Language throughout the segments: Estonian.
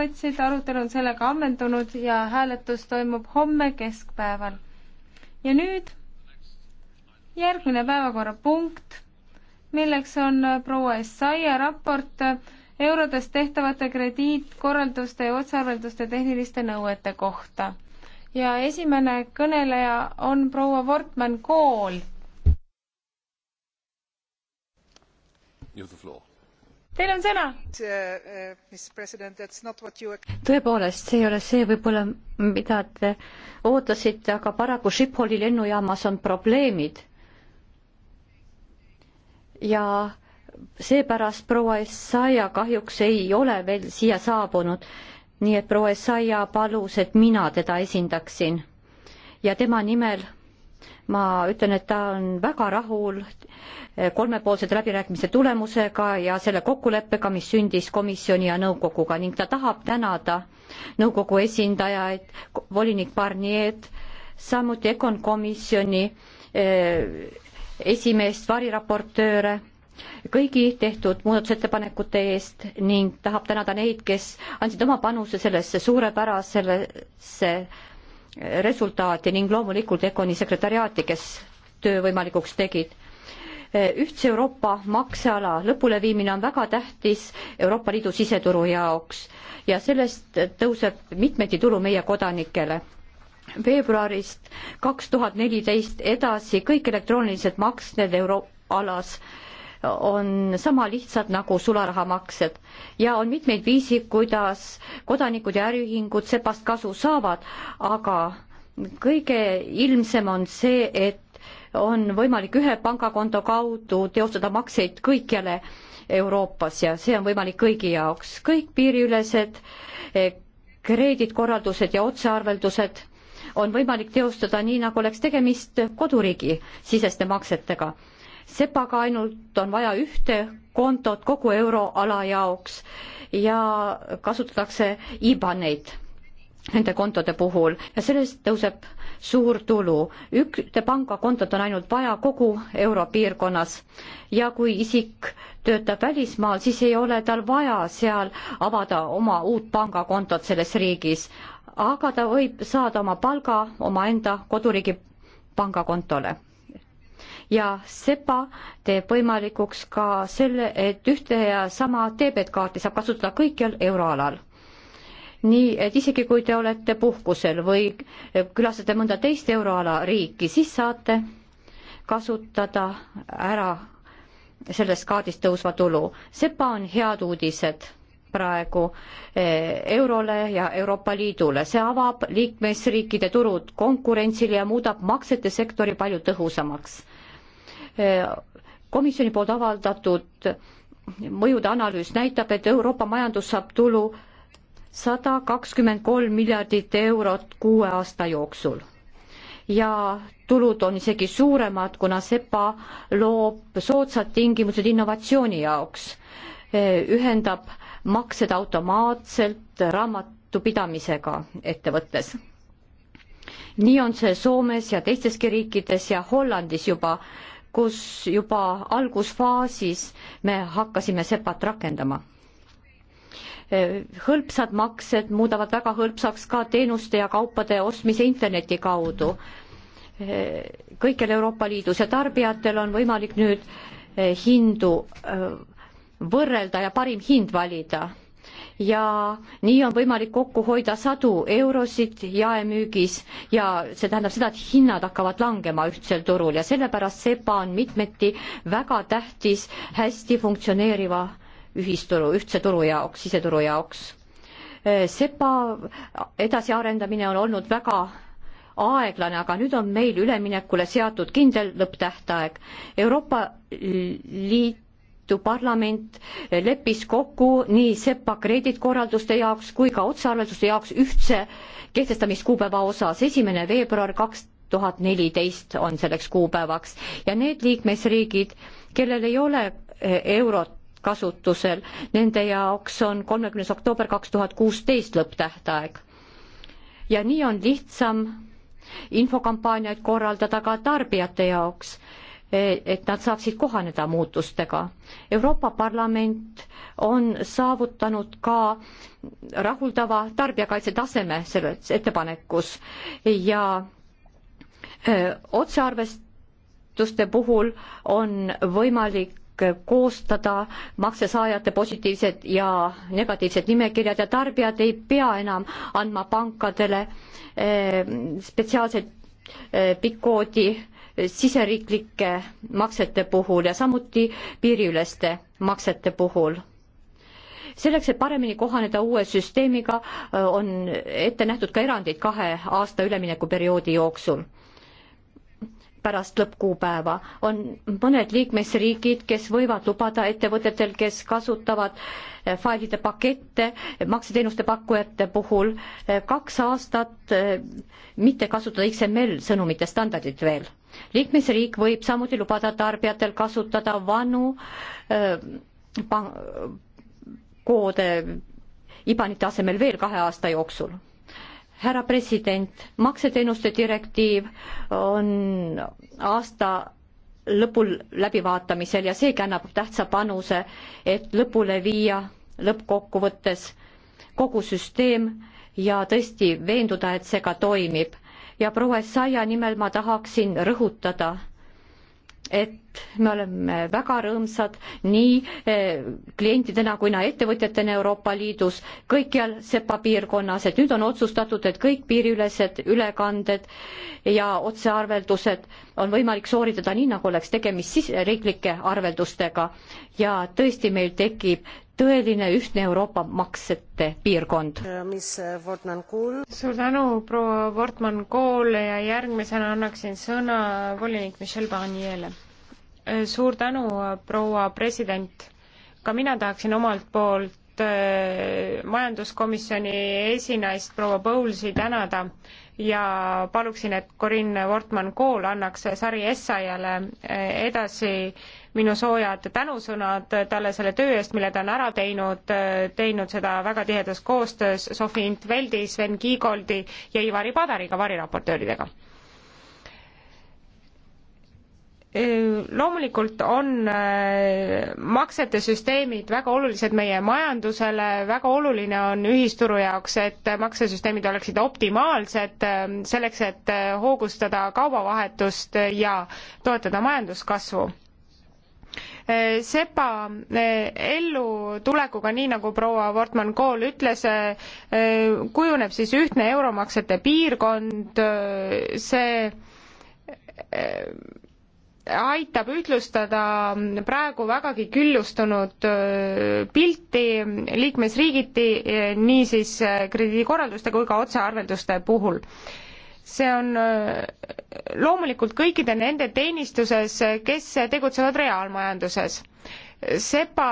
võtsid, arutelu on sellega ammendunud ja hääletus toimub homme keskpäeval. ja nüüd järgmine päevakorrapunkt, milleks on proua Essaia raport eurodes tehtavate krediitkorralduste ja otsearvelduste tehniliste nõuete kohta. ja esimene kõneleja on proua Wortmann Kool. You have the floor Teil on sõna. Uh, uh, tõepoolest, see ei ole see võib-olla, mida te ootasite, aga paraku Schipholi lennujaamas on probleemid. ja seepärast proua Essaia kahjuks ei ole veel siia saabunud, nii et proua Essaia palus, et mina teda esindaksin ja tema nimel ma ütlen, et ta on väga rahul eh, kolmepoolsete läbirääkimiste tulemusega ja selle kokkuleppega, mis sündis komisjoni ja nõukoguga ning ta tahab tänada nõukogu esindajaid, volinik Barnier'd, samuti Econ komisjoni eh, esimeest, variraportööre, kõigi tehtud muudatusettepanekute eest ning tahab tänada neid, kes andsid oma panuse sellesse suurepärasesse resultaati ning loomulikult Econi sekretariaati, kes töö võimalikuks tegid. ühtse Euroopa makseala lõpuleviimine on väga tähtis Euroopa Liidu siseturu jaoks ja sellest tõuseb mitmeti tulu meie kodanikele veebruarist kaks tuhat neliteist edasi kõik elektroonilised maksed euroalas on sama lihtsad nagu sularahamaksed ja on mitmeid viisi, kuidas kodanikud ja äriühingud sepast kasu saavad, aga kõige ilmsem on see, et on võimalik ühe pangakonto kaudu teostada makseid kõikjale Euroopas ja see on võimalik kõigi jaoks, kõik piiriülesed eh, krediitkorraldused ja otsearveldused on võimalik teostada nii, nagu oleks tegemist koduriigi siseste maksetega sepaga ainult on vaja ühte kontot kogu euroala jaoks ja kasutatakse IBAN-eid nende kontode puhul ja sellest tõuseb suur tulu. ühte pangakontot on ainult vaja kogu europiirkonnas ja kui isik töötab välismaal, siis ei ole tal vaja seal avada oma uut pangakontot selles riigis, aga ta võib saada oma palga omaenda koduriigi pangakontole ja SEPA teeb võimalikuks ka selle, et ühte ja sama debetkaarti saab kasutada kõikjal euroalal nii et isegi kui te olete puhkusel või külastate mõnda teist euroala riiki, siis saate kasutada ära sellest kaardist tõusva tulu. sepa on head uudised praegu eh, eurole ja Euroopa Liidule. see avab liikmesriikide turud konkurentsile ja muudab maksete sektori palju tõhusamaks komisjoni poolt avaldatud mõjude analüüs näitab, et Euroopa majandus saab tulu sada kakskümmend kolm miljardit eurot kuue aasta jooksul. ja tulud on isegi suuremad, kuna SEPA loob soodsad tingimused innovatsiooni jaoks, ühendab maksed automaatselt raamatupidamisega ettevõttes nii on see Soomes ja teisteski riikides ja Hollandis juba äh, kus juba algusfaasis me hakkasime sepat rakendama. hõlpsad maksed muudavad väga hõlpsaks ka teenuste ja kaupade ostmise interneti kaudu kõikjal Euroopa Liidus ja tarbijatel on võimalik nüüd hindu võrrelda ja parim hind valida ja nii on võimalik kokku hoida sadu eurosid jaemüügis ja see tähendab seda, et hinnad hakkavad langema ühtsel turul ja sellepärast SEPA on mitmeti väga tähtis hästi funktsioneeriva ühisturu, ühtse turu jaoks, siseturu jaoks. SEPA edasiarendamine on olnud väga aeglane, aga nüüd on meil üleminekule seatud kindel lõpptähtaeg. Euroopa Liit Liidu parlament leppis kokku nii SEPA kreeditkorralduste jaoks kui ka otsearvelduste jaoks ühtse kehtestamiskuupäeva osas. esimene veebruar kaks tuhat neliteist on selleks kuupäevaks ja need liikmesriigid, kellel ei ole eh, eurot kasutusel, nende jaoks on kolmekümnes oktoober kaks tuhat kuusteist lõpptähtaeg. ja nii on lihtsam infokampaaniaid korraldada ka tarbijate jaoks et nad saaksid kohaneda muutustega. Euroopa Parlament on saavutanud ka rahuldava tarbijakaitse taseme selles ettepanekus ja otsearvestuste puhul on võimalik koostada maksesaajate positiivsed ja negatiivsed nimekirjad ja tarbijad ei pea enam andma pankadele spetsiaalseid PIK-koodi siseriiklike maksete puhul ja samuti piiriüleste maksete puhul. selleks, et paremini kohaneda uue süsteemiga, on ette nähtud ka erandid kahe aasta üleminekuperioodi jooksul pärast lõppkuupäeva. on mõned liikmesriigid, kes võivad lubada ettevõtetel, kes kasutavad eh, failide pakette eh, makseteenuste pakkujate puhul eh, kaks aastat mitte kasutada XML sõnumite standardit veel. liikmesriik võib samuti lubada tarbijatel kasutada vanu äh, koode IBANite asemel veel kahe aasta jooksul härra president, makseteenuste direktiiv on aasta lõpul läbivaatamisel ja seegi annab tähtsa panuse, et lõpule viia lõppkokkuvõttes kogu süsteem ja tõesti veenduda, et see ka toimib. ja proua Essaia nimel ma tahaksin rõhutada et me oleme väga rõõmsad nii eh, klientidena kui ka ettevõtjatena Euroopa Liidus, kõikjal SEPA piirkonnas, et nüüd on otsustatud, et kõik piiriülesed ülekanded ja otsearveldused on võimalik sooritada nii, nagu oleks tegemist siseriiklike arveldustega. ja tõesti, meil tekib tõeline ühtne Euroopa maksete piirkond. suur tänu, proua Wortmann Kool ja järgmisena annaksin sõna volinik Michel Barnier'le. suur tänu, proua president. ka mina tahaksin omalt poolt äh, majanduskomisjoni esinaist proua Põulsi tänada ja paluksin, et Corinne Wortmann Kool annaks Sari Essayale äh, edasi äh, minu soojad tänusõnad talle selle töö eest, mille ta on ära teinud, teinud seda väga tihedas koostöös Sofi Intveldi, Sven Kiigoldi ja Ivari Padariga, variraportööridega loomulikult on äh, maksete süsteemid väga olulised meie majandusele, väga oluline on ühisturu jaoks, et maksesüsteemid oleksid optimaalsed äh, selleks, et äh, hoogustada kaubavahetust ja toetada majanduskasvu. Eh, sepa eh, ellutulekuga, nii nagu proua Wortmann Kool ütles, eh, kujuneb siis ühtne euromaksete piirkond, see aitab ühtlustada praegu vägagi küllustunud pilti liikmesriigiti niisiis krediidikorralduste kui ka otsearvelduste puhul see on äh, loomulikult kõikide nende teenistuses, kes tegutsevad reaalmajanduses. SEPA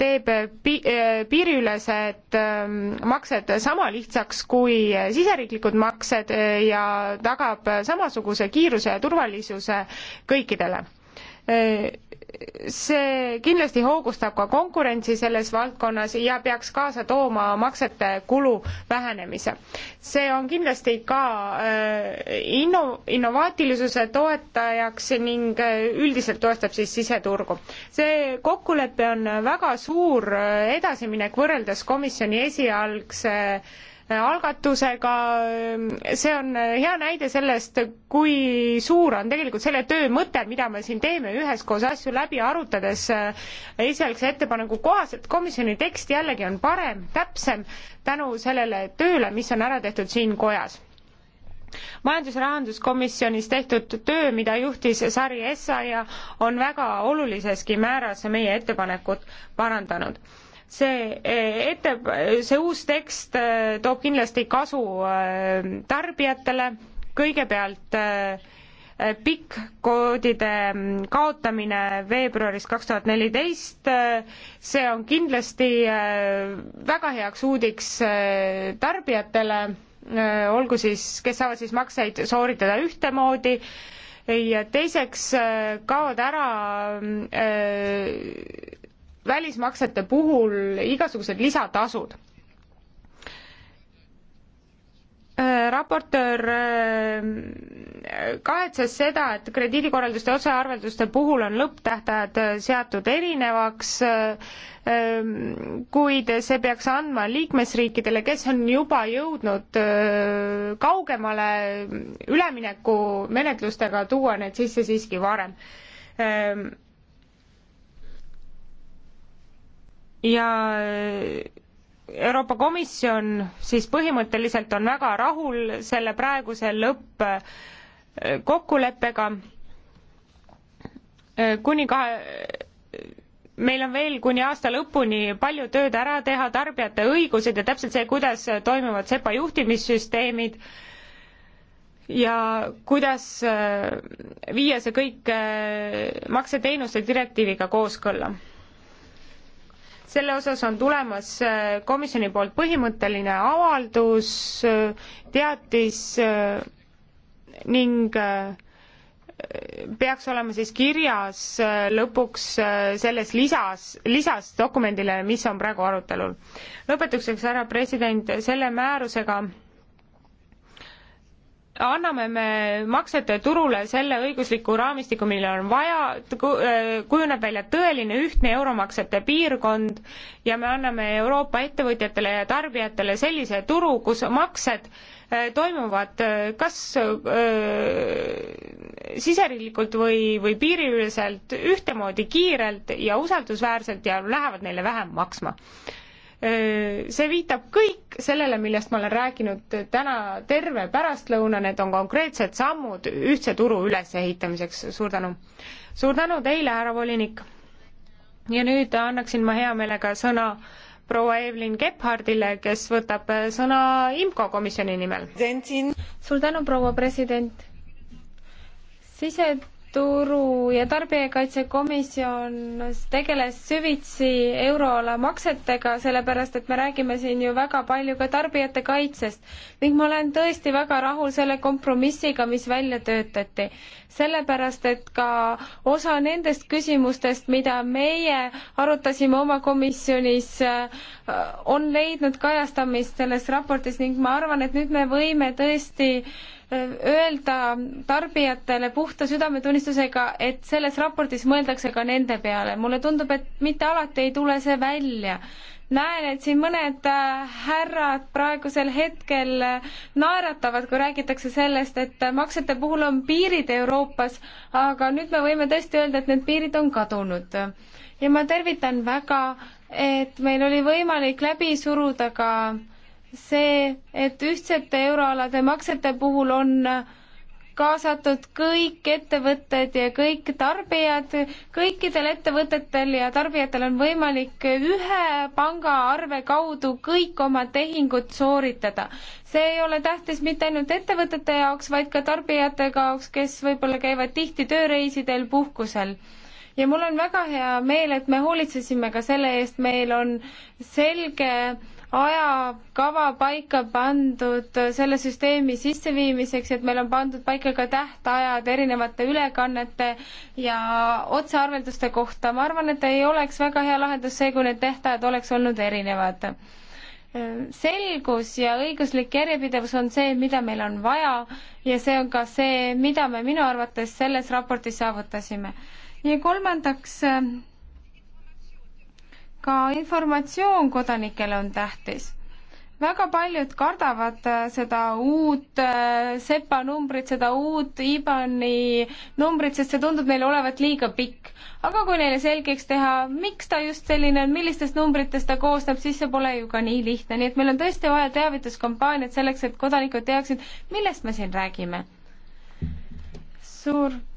teeb pi-, äh, piiriülesed ähm, maksed sama lihtsaks kui siseriiklikud maksed äh, ja tagab samasuguse kiiruse ja turvalisuse kõikidele see kindlasti hoogustab ka konkurentsi selles valdkonnas ja peaks kaasa tooma maksete kulu vähenemise. see on kindlasti ka äh, inno-, innovaatilisuse toetajaks ning äh, üldiselt toestab siis siseturgu. see kokkulepe on väga suur äh, edasiminek võrreldes komisjoni esialgse äh, algatusega, see on hea näide sellest, kui suur on tegelikult selle töö mõte, mida me siin teeme, üheskoos asju läbi arutades esialgse ettepaneku kohaselt, komisjoni tekst jällegi on parem, täpsem tänu sellele tööle, mis on ära tehtud siin kojas majandus- ja rahanduskomisjonis tehtud töö, mida juhtis Sari Essaja, on väga oluliseski määras meie ettepanekut parandanud see ette, see uus tekst äh, toob kindlasti kasu äh, tarbijatele, kõigepealt äh, pikk-koodide mm, kaotamine veebruaris kaks tuhat neliteist, see on kindlasti väga heaks uudiks tarbijatele, olgu siis, kes saavad siis makseid sooritada ühtemoodi, ja teiseks kaovad ära mm, välismaksete puhul igasugused lisatasud. Äh, raportöör äh, kahetses seda, et krediidikorralduste otsearvelduste puhul on lõpptähtajad äh, seatud erinevaks, ähm, kuid see peaks andma liikmesriikidele, kes on juba jõudnud kaugemale üleminekumenetlustega, tuua need sisse siiski varem ähm, ja äh, Euroopa Komisjon siis põhimõtteliselt on väga rahul selle praeguse lõppkokkuleppega äh, äh, kuni kahe meil on veel kuni aasta lõpuni palju tööd ära teha, tarbijate õigused ja täpselt see, kuidas toimivad SEPA juhtimissüsteemid ja kuidas viia see kõik makseteenuste direktiiviga kooskõlla selle osas on tulemas äh, komisjoni poolt põhimõtteline avaldus, äh, teatis äh, ning peaks olema siis kirjas lõpuks selles lisas, lisas dokumendile, mis on praegu arutelul. lõpetuseks, härra president, selle määrusega anname me maksete turule selle õigusliku raamistiku, mille on vaja, äh, kujuneb välja tõeline ühtne euromaksete piirkond ja me anname Euroopa ettevõtjatele ja tarbijatele sellise turu, kus maksed äh, toimuvad äh, kas öö, siseriiklikult või, või piiriüleselt ühtemoodi kiirelt ja usaldusväärselt ja lähevad neile vähem maksma see viitab kõik sellele, millest ma olen rääkinud täna terve pärastlõuna, need on konkreetsed sammud ühtse turu ülesehitamiseks, suur tänu. suur tänu teile, härra volinik. ja nüüd annaksin ma hea meelega sõna proua Evelyn Gebhardile, kes võtab sõna IMCO komisjoni nimel. suur tänu, proua president. sise- turu- ja tarbijakaitsekomisjon tegeles süvitsi euroala maksetega, sellepärast et me räägime siin ju väga palju ka tarbijate kaitsest ning ma olen tõesti väga rahul selle kompromissiga, mis välja töötati. sellepärast, et ka osa nendest küsimustest, mida meie arutasime oma komisjonis, äh, on leidnud kajastamist selles raportis ning ma arvan, et nüüd me võime tõesti öelda tarbijatele puhta südametunnistusega, et selles raportis mõeldakse ka nende peale. mulle tundub, et mitte alati ei tule see välja. näen, et siin mõned äh, härrad praegusel hetkel äh, naeratavad, kui räägitakse sellest, et äh, maksete puhul on piirid Euroopas, aga nüüd me võime tõesti öelda, et need piirid on kadunud. ja ma tervitan väga, et meil oli võimalik läbi suruda ka äh, see, et ühtsete euroalade maksete puhul on kaasatud kõik ettevõtted ja kõik tarbijad, kõikidel ettevõtetel ja tarbijatel on võimalik ühe pangaarve kaudu kõik oma tehingud sooritada. see ei ole tähtis mitte ainult ettevõtete jaoks, vaid ka tarbijate jaoks, kes võib-olla käivad tihti tööreisidel, puhkusel ja mul on väga hea meel, et me hoolitsesime ka selle eest, meil on selge ajakava paika pandud selle süsteemi sisseviimiseks, et meil on pandud paika ka tähtajad erinevate ülekannete ja otsearvelduste kohta. ma arvan, et ei oleks väga hea lahendus see, kui need tähtajad oleks olnud erinevad. selgus ja õiguslik järjepidevus on see, mida meil on vaja ja see on ka see, mida me minu arvates selles raportis saavutasime. ja kolmandaks ka informatsioon kodanikele on tähtis. väga paljud kardavad äh, seda uut äh, SEPA numbrit, seda uut IBAN-i numbrit, sest see tundub neile olevat liiga pikk. aga kui neile selgeks teha, miks ta just selline on, millistest numbritest ta koosneb, siis see pole ju ka nii lihtne, nii et meil on tõesti vaja teavituskampaaniat selleks, et kodanikud teaksid, millest me siin räägime. suur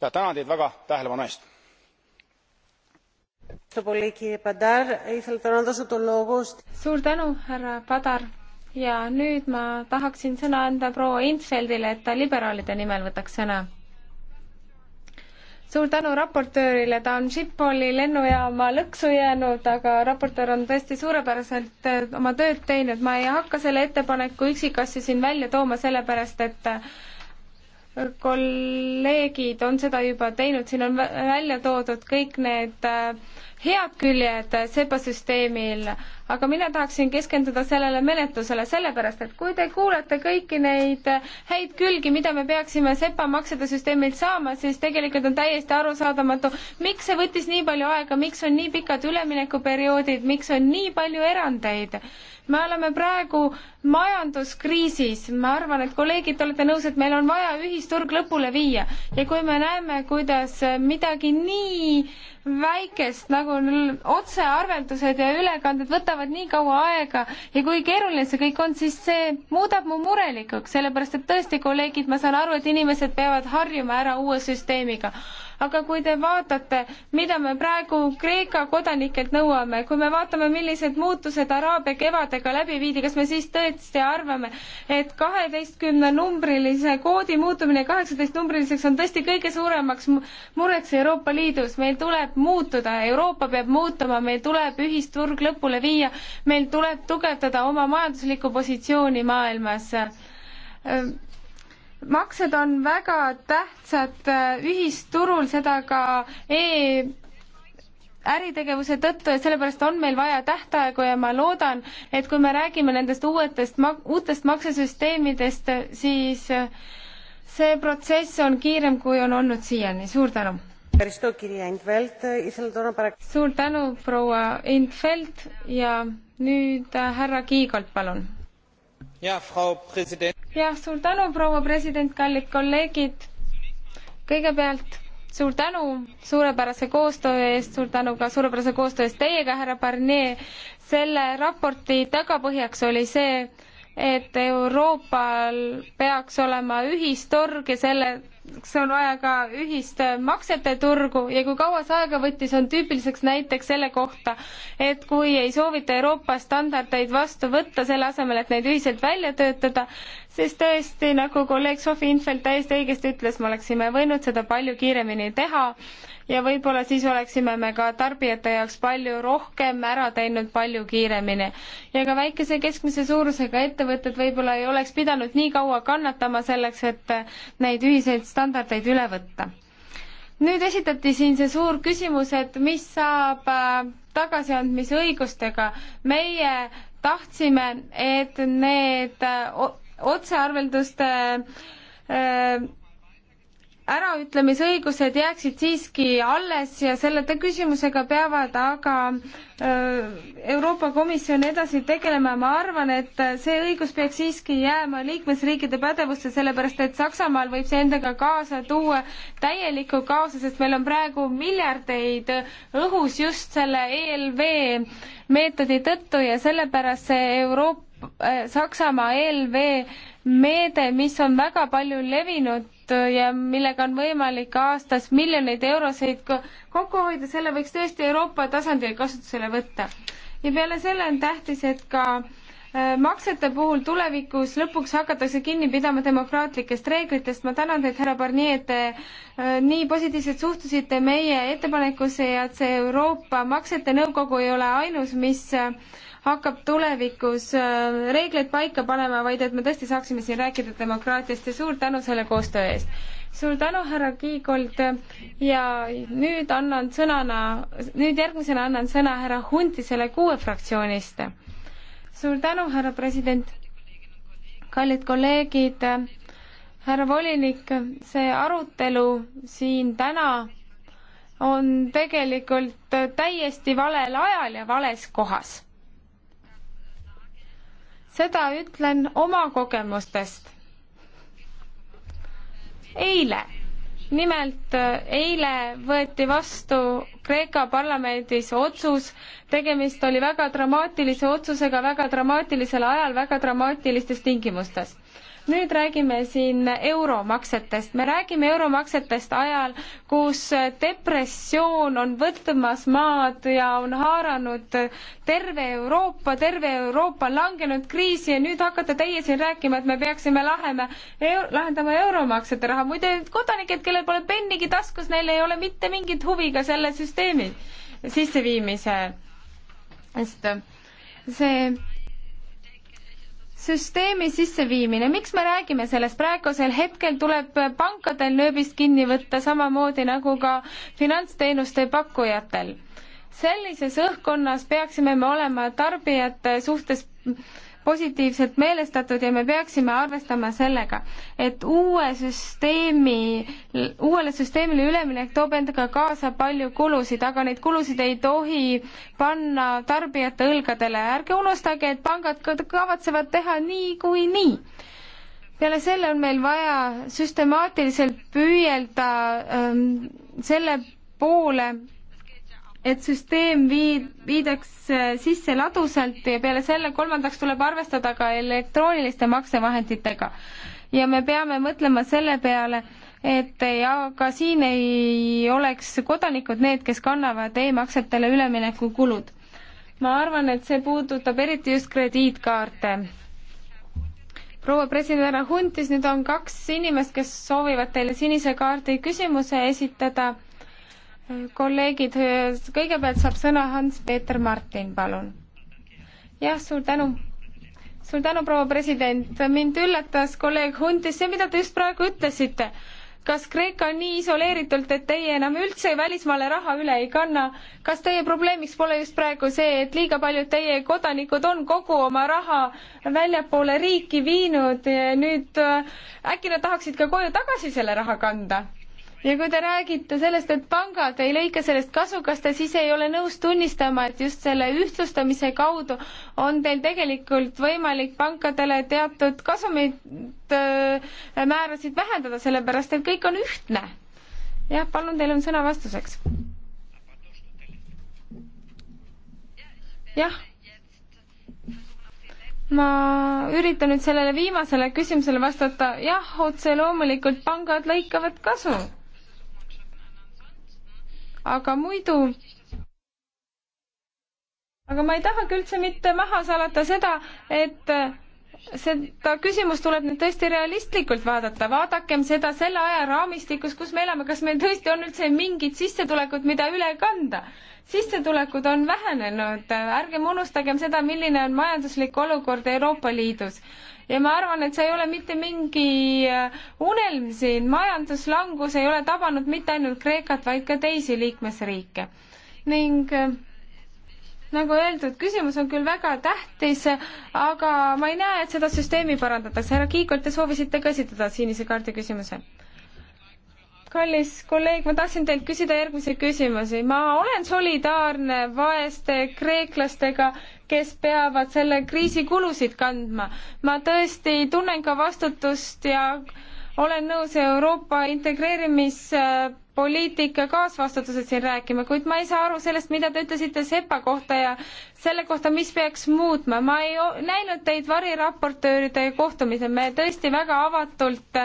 ja tänan teid väga tähelepanu eest! suur tänu härra padar ja nüüd ma tahaksin sõna anda proua in 't veldile et ta liberaalide nimel võtaks sõna suur tänu raportöörile, ta on Schipholi lennujaama lõksu jäänud, aga raportöör on tõesti suurepäraselt äh, oma tööd teinud, ma ei hakka selle ettepaneku üksikasju siin välja tooma, sellepärast et äh, kolleegid on seda juba teinud, siin on välja toodud kõik need äh, head küljed äh, SEPA süsteemil, aga mina tahaksin keskenduda sellele menetlusele, sellepärast et kui te kuulete kõiki neid äh, häid külgi, mida me peaksime SEPA maksede süsteemilt saama, siis tegelikult on täiesti arusaadamatu, miks see võttis nii palju aega, miks on nii pikad üleminekuperioodid, miks on nii palju erandeid me oleme praegu majanduskriisis, ma arvan, et kolleegid, olete nõus, et meil on vaja ühisturg lõpule viia ja kui me näeme, kuidas midagi nii väikest nagu otsearveldused ja ülekanded võtavad nii kaua aega ja kui keeruline see kõik on, siis see muudab mu murelikuks, sellepärast et tõesti, kolleegid, ma saan aru, et inimesed peavad harjuma ära uue süsteemiga aga kui te vaatate, mida me praegu Kreeka kodanikelt nõuame, kui me vaatame, millised muutused Araabia kevadega läbi viidi, kas me siis tõesti arvame, et kaheteistkümne numbrilise koodi muutumine kaheksateist numbriliseks on tõesti kõige suuremaks mureks Euroopa Liidus, meil tuleb muutuda, Euroopa peab muutuma, meil tuleb ühisturg lõpule viia, meil tuleb tugevdada oma majanduslikku positsiooni maailmas maksed on väga tähtsad äh, ühisturul, seda ka e äritegevuse tõttu ja sellepärast on meil vaja tähtaegu ja ma loodan, et kui me räägime nendest uuetest, uutest maksesüsteemidest, siis äh, see protsess on kiirem, kui on olnud siiani. suur tänu! suur tänu, proua Infeld ja nüüd äh, härra Kiigolt, palun! jah, suur tänu, proua president, kallid kolleegid. kõigepealt suur tänu suurepärase koostöö eest, suur tänu ka suurepärase koostöö eest teiega, härra Barnier. selle raporti tagapõhjaks oli see, et Euroopal peaks olema ühisturg ja selle selleks on vaja ka ühist äh, maksete turgu ja kui kaua see aega võttis, on tüüpiliseks näiteks selle kohta, et kui ei soovita Euroopa standardeid vastu võtta, selle asemel, et neid ühiselt välja töötada, siis tõesti, nagu kolleeg Sofi Infeld täiesti õigesti ütles, me oleksime võinud seda palju kiiremini teha ja võib-olla siis oleksime me ka tarbijate jaoks palju rohkem ära teinud palju kiiremini. ja ka väikese keskmise suurusega ettevõtted võib-olla ei oleks pidanud nii kaua kannatama selleks, et neid ühiseid standardeid üle võtta. nüüd esitati siin see suur küsimus, et mis saab äh, tagasiandmisõigustega. meie tahtsime, et need äh, otsearvelduste öö, äh, äraütlemisõigused jääksid siiski alles ja selle küsimusega peavad aga äh, Euroopa Komisjon edasi tegelema. ma arvan, et see õigus peaks siiski jääma liikmesriikide pädevusse, sellepärast et Saksamaal võib see endaga kaasa tuua täieliku kaose, sest meil on praegu miljardeid õhus just selle ELV meetodi tõttu ja sellepärast see Euroopa äh, Saksamaa ELV meede, mis on väga palju levinud Äh, ja millega on võimalik aastas miljoneid euroseid kokku hoida, selle võiks tõesti Euroopa tasandil kasutusele võtta. ja peale selle on tähtis, et ka äh, maksete puhul tulevikus lõpuks hakatakse kinni pidama demokraatlikest reeglitest. ma tänan teid, härra Barnier, et te äh, nii positiivselt suhtusite meie ettepanekusse ja et see Euroopa Maksete Nõukogu ei ole ainus, mis hakkab tulevikus äh, reegleid paika panema, vaid et me tõesti saaksime siin rääkida demokraatiast ja suur tänu selle koostöö eest. suur tänu, härra Kiigold ja nüüd annan sõnana, nüüd järgmisena annan sõna härra Huntisele kuue fraktsioonist. suur tänu, härra president kallid kolleegid, härra volinik, see arutelu siin täna on tegelikult täiesti valel ajal ja vales kohas seda ütlen oma kogemustest. eile, nimelt äh, eile võeti vastu Kreeka parlamendis otsus, tegemist oli väga dramaatilise otsusega väga dramaatilisel ajal väga dramaatilistes tingimustes nüüd räägime siin euromaksetest. me räägime euromaksetest ajal, kus depressioon on võtmas maad ja on haaranud terve Euroopa, terve Euroopa on langenud kriisi ja nüüd hakkate teie siin rääkima, et me peaksime laheme, lahendama euromaksete raha. muide, kodanikud, kellel pole pennigi taskus, neil ei ole mitte mingit huvi ka selle süsteemi sisseviimise eest see süsteemi sisseviimine, miks me räägime sellest, praegusel hetkel tuleb pankadel nööbist kinni võtta samamoodi nagu ka finantsteenuste pakkujatel. sellises õhkkonnas peaksime me olema tarbijate suhtes positiivselt meelestatud ja me peaksime arvestama sellega, et uue süsteemi, uuele süsteemile üleminek toob endaga kaasa palju kulusid, aga neid kulusid ei tohi panna tarbijate õlgadele. ärge unustage, et pangad kavatsevad teha niikuinii. Nii. nii peale selle on meil vaja süstemaatiliselt püüelda ähm, selle poole, et süsteem viid, viidaks sisse ladusalt ja peale selle kolmandaks tuleb arvestada ka elektrooniliste maksevahenditega. ja me peame mõtlema selle peale, et ja ka siin ei oleks kodanikud need, kes kannavad e-maksetele ülemineku kulud. ma arvan, et see puudutab eriti just krediitkaarte. proua president härra Huntis, nüüd on kaks inimest, kes soovivad teile sinise kaardi küsimuse esitada kolleegid, kõigepealt saab sõna Hans-Peeter Martin, palun. jah, suur tänu. suur tänu, proua president, mind üllatas kolleeg Huntis see, mida te just praegu ütlesite. kas Kreeka on nii isoleeritult, et teie enam üldse välismaale raha üle ei kanna? kas teie probleemiks pole just praegu see, et liiga paljud teie kodanikud on kogu oma raha väljapoole riiki viinud, nüüd äh, äkki nad tahaksid ka koju tagasi selle raha kanda? ja kui te räägite sellest, et pangad ei lõika sellest kasu, kas te siis ei ole nõus tunnistama, et just selle ühtlustamise kaudu on teil tegelikult võimalik pankadele teatud kasumid äh,, määrasid vähendada, sellepärast et kõik on ühtne? jah, palun, teil on sõna vastuseks. jah ma üritan nüüd sellele viimasele küsimusele vastata, jah, otse loomulikult pangad lõikavad kasu aga muidu aga ma ei tahagi üldse mitte maha salata seda, et äh, seda küsimust tuleb nüüd tõesti realistlikult vaadata, vaadakem seda selle ajaraamistikus, kus me elame, kas meil tõesti on üldse mingid sissetulekud, mida üle kanda. sissetulekud on vähenenud, ärgem unustagem seda, milline on majanduslik olukord Euroopa Liidus ja ma arvan, et see ei ole mitte mingi äh, unelm siin, majanduslangus ei ole tabanud mitte ainult Kreekat, vaid ka teisi liikmesriike. ning äh, nagu öeldud, küsimus on küll väga tähtis, aga ma ei näe, et seda süsteemi parandatakse. härra Kiigolt, te soovisite ka esitada sinise kaardi küsimuse? kallis kolleeg, ma tahtsin teilt küsida järgmisi küsimusi. ma olen solidaarne vaeste kreeklastega, kes peavad selle kriisi kulusid kandma. ma tõesti tunnen ka vastutust ja olen nõus Euroopa integreerimis poliitika kaasvastutused siin rääkima, kuid ma ei saa aru sellest, mida te ütlesite SEPA kohta ja selle kohta, mis peaks muutma. ma ei näinud teid variraportööride kohtumisel, me tõesti väga avatult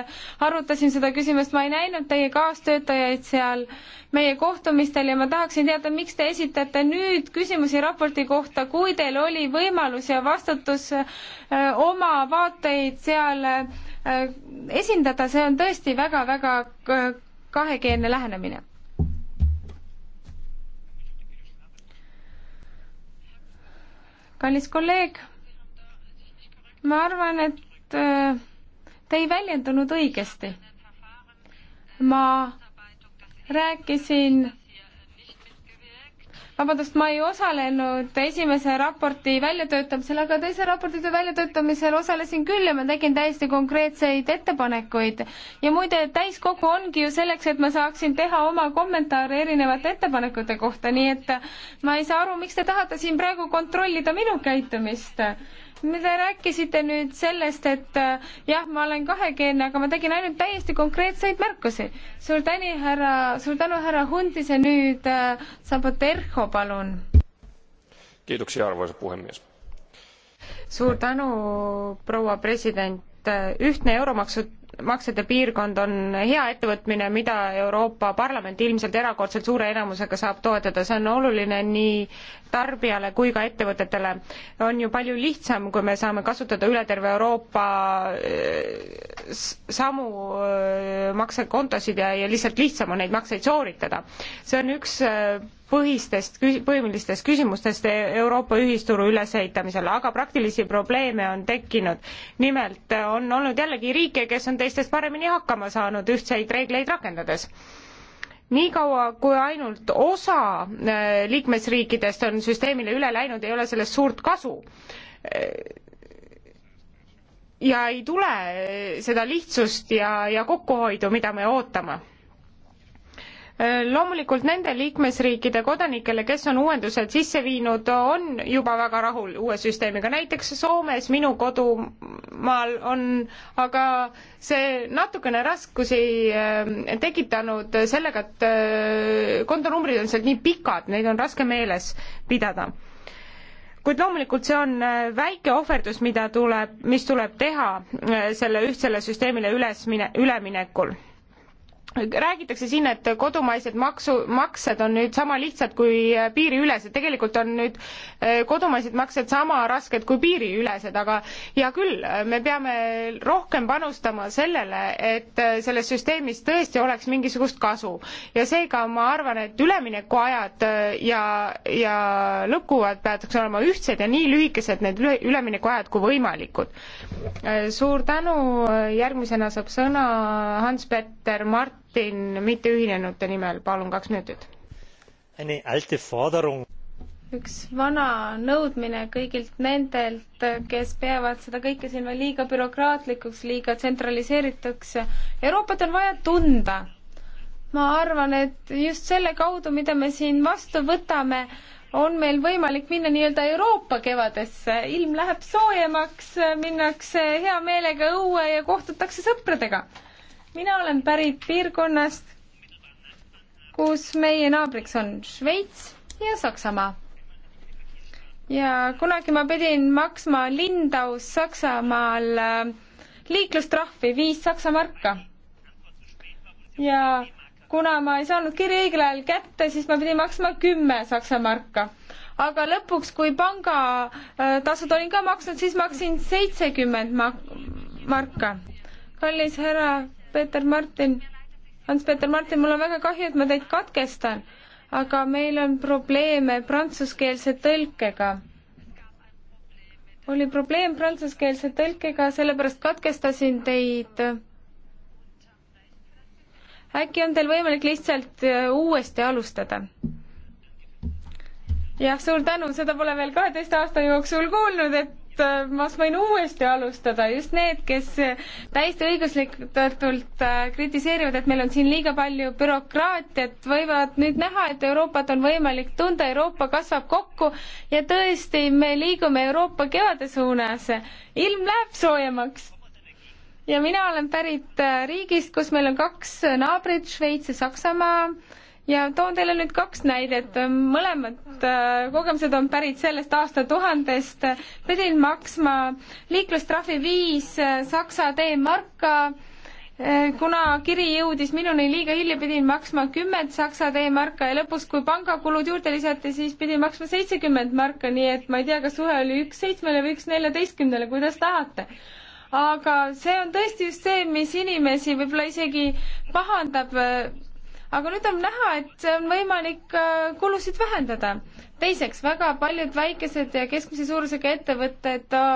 arutasime seda küsimust, ma ei näinud teie kaastöötajaid seal meie kohtumistel ja ma tahaksin teada, miks te esitate nüüd küsimusi raporti kohta, kui teil oli võimalus ja vastutus öö, äh, oma vaateid seal öö, äh, esindada, see on tõesti väga-väga kahekeelne lähenemine. kallis kolleeg, ma arvan, et äh, te ei väljendunud õigesti. ma rääkisin vabandust, ma ei osalenud esimese raporti väljatöötamisel, aga teise raporti väljatöötamisel osalesin küll ja ma tegin täiesti konkreetseid ettepanekuid. ja muide, täiskogu ongi ju selleks, et ma saaksin teha oma kommentaare erinevate ettepanekute kohta, nii et ma ei saa aru, miks te tahate siin praegu kontrollida minu käitumist Te rääkisite nüüd sellest, et äh, jah, ma olen kahekeelne, aga ma tegin ainult täiesti konkreetseid märkusi. suur tänu, härra, suur tänu, härra Hundis ja nüüd äh, Saboterho, palun. kiitoksia, arvoisa puhemees. suur tänu, proua president. ühtne euromaksu maksete piirkond on hea ettevõtmine, mida Euroopa Parlament ilmselt erakordselt suure enamusega saab toetada, see on oluline nii tarbijale kui ka ettevõtetele. on ju palju lihtsam, kui me saame kasutada üle terve Euroopa äh, samu äh, maksekontosid ja, ja lihtsalt lihtsam on neid makseid sooritada. see on üks äh, põhistest, põhimõttelistest küsimustest Euroopa ühisturu ülesehitamisel, aga praktilisi probleeme on tekkinud. nimelt äh, on olnud jällegi riike, kes on teistest paremini hakkama saanud ühtseid reegleid rakendades niikaua, kui ainult osa äh, liikmesriikidest on süsteemile üle läinud, ei ole sellest suurt kasu äh, ja ei tule seda lihtsust ja, ja kokkuhoidu, mida me ootame. Äh, loomulikult nende liikmesriikide kodanikele, kes on uuendused sisse viinud, on juba väga rahul uue süsteemiga, näiteks Soomes, minu kodumaal on aga see natukene raskusi äh, tekitanud sellega, et äh, kontonumbrid on seal nii pikad, neid on raske meeles pidada kuid loomulikult see on väike ohverdus, mida tuleb, mis tuleb teha selle ühtsele süsteemile üles mine, üleminekul räägitakse siin, et kodumaised maksu, maksed on nüüd sama lihtsad kui piiriülesed, tegelikult on nüüd eh, kodumaised maksed sama rasked kui piiriülesed, aga hea küll, me peame rohkem panustama sellele, et eh, selles süsteemis tõesti oleks mingisugust kasu. ja seega ma arvan, et üleminekuajad eh, ja, ja lõpuajad peaks olema ühtsed ja nii lühikesed need üleminekuajad kui võimalikud. suur tänu, järgmisena saab sõna Hans-Peter Mart teen mitteühinenute nimel, palun kaks minutit. üks vana nõudmine kõigilt nendelt, kes peavad seda kõike siin veel liiga bürokraatlikuks, liiga tsentraliseerituks. Euroopat on vaja tunda. ma arvan, et just selle kaudu, mida me siin vastu võtame, on meil võimalik minna nii-öelda Euroopa kevadesse, ilm läheb soojemaks, minnakse hea meelega õue ja kohtutakse sõpradega mina olen pärit piirkonnast, kus meie naabriks on Šveits ja Saksamaa. ja kunagi ma pidin maksma Lindaus Saksamaal äh, liiklustrahvi viis saksa marka. ja kuna ma ei saanud kirja õigel ajal kätte, siis ma pidin maksma kümme saksa marka. aga lõpuks, kui pangatasud äh, olin ka maksnud, siis maksin seitsekümmend marka. kallis härra Peeter Martin, Hans-Peeter Martin, mul on väga kahju, et ma teid katkestan, aga meil on probleeme prantsuskeelse tõlkega. oli probleem prantsuskeelse tõlkega, sellepärast katkestasin teid. äkki on teil võimalik lihtsalt äh, uuesti alustada? jah, suur tänu, seda pole veel kaheteist aasta jooksul kuulnud, et Äh, ma võin uuesti alustada, just need, kes täiesti õiguslikult äh, kritiseerivad, et meil on siin liiga palju bürokraatiat, võivad nüüd näha, et Euroopat on võimalik tunda, Euroopa kasvab kokku ja tõesti, me liigume Euroopa kevade suunas. ilm läheb soojemaks. ja mina olen pärit äh, riigist, kus meil on kaks naabrit, Šveits ja Saksamaa ja toon teile nüüd kaks näidet, mõlemad äh, kogemused on pärit sellest aastatuhandest. pidin maksma liiklustrahvi viis äh, Saksa D-marka. Äh, kuna kiri jõudis minuni liiga hilja, pidin maksma kümmet Saksa D-marka ja lõpus, kui pangakulud juurde lisati, siis pidin maksma seitsekümmend marka, nii et ma ei tea, kas suhe oli üks seitsmele või üks neljateistkümnele, kuidas tahate aga see on tõesti just see, mis inimesi võib-olla isegi pahandab aga nüüd on näha, et on võimalik äh, kulusid vähendada. teiseks, väga paljud väikesed ja keskmise suurusega ettevõtted äh,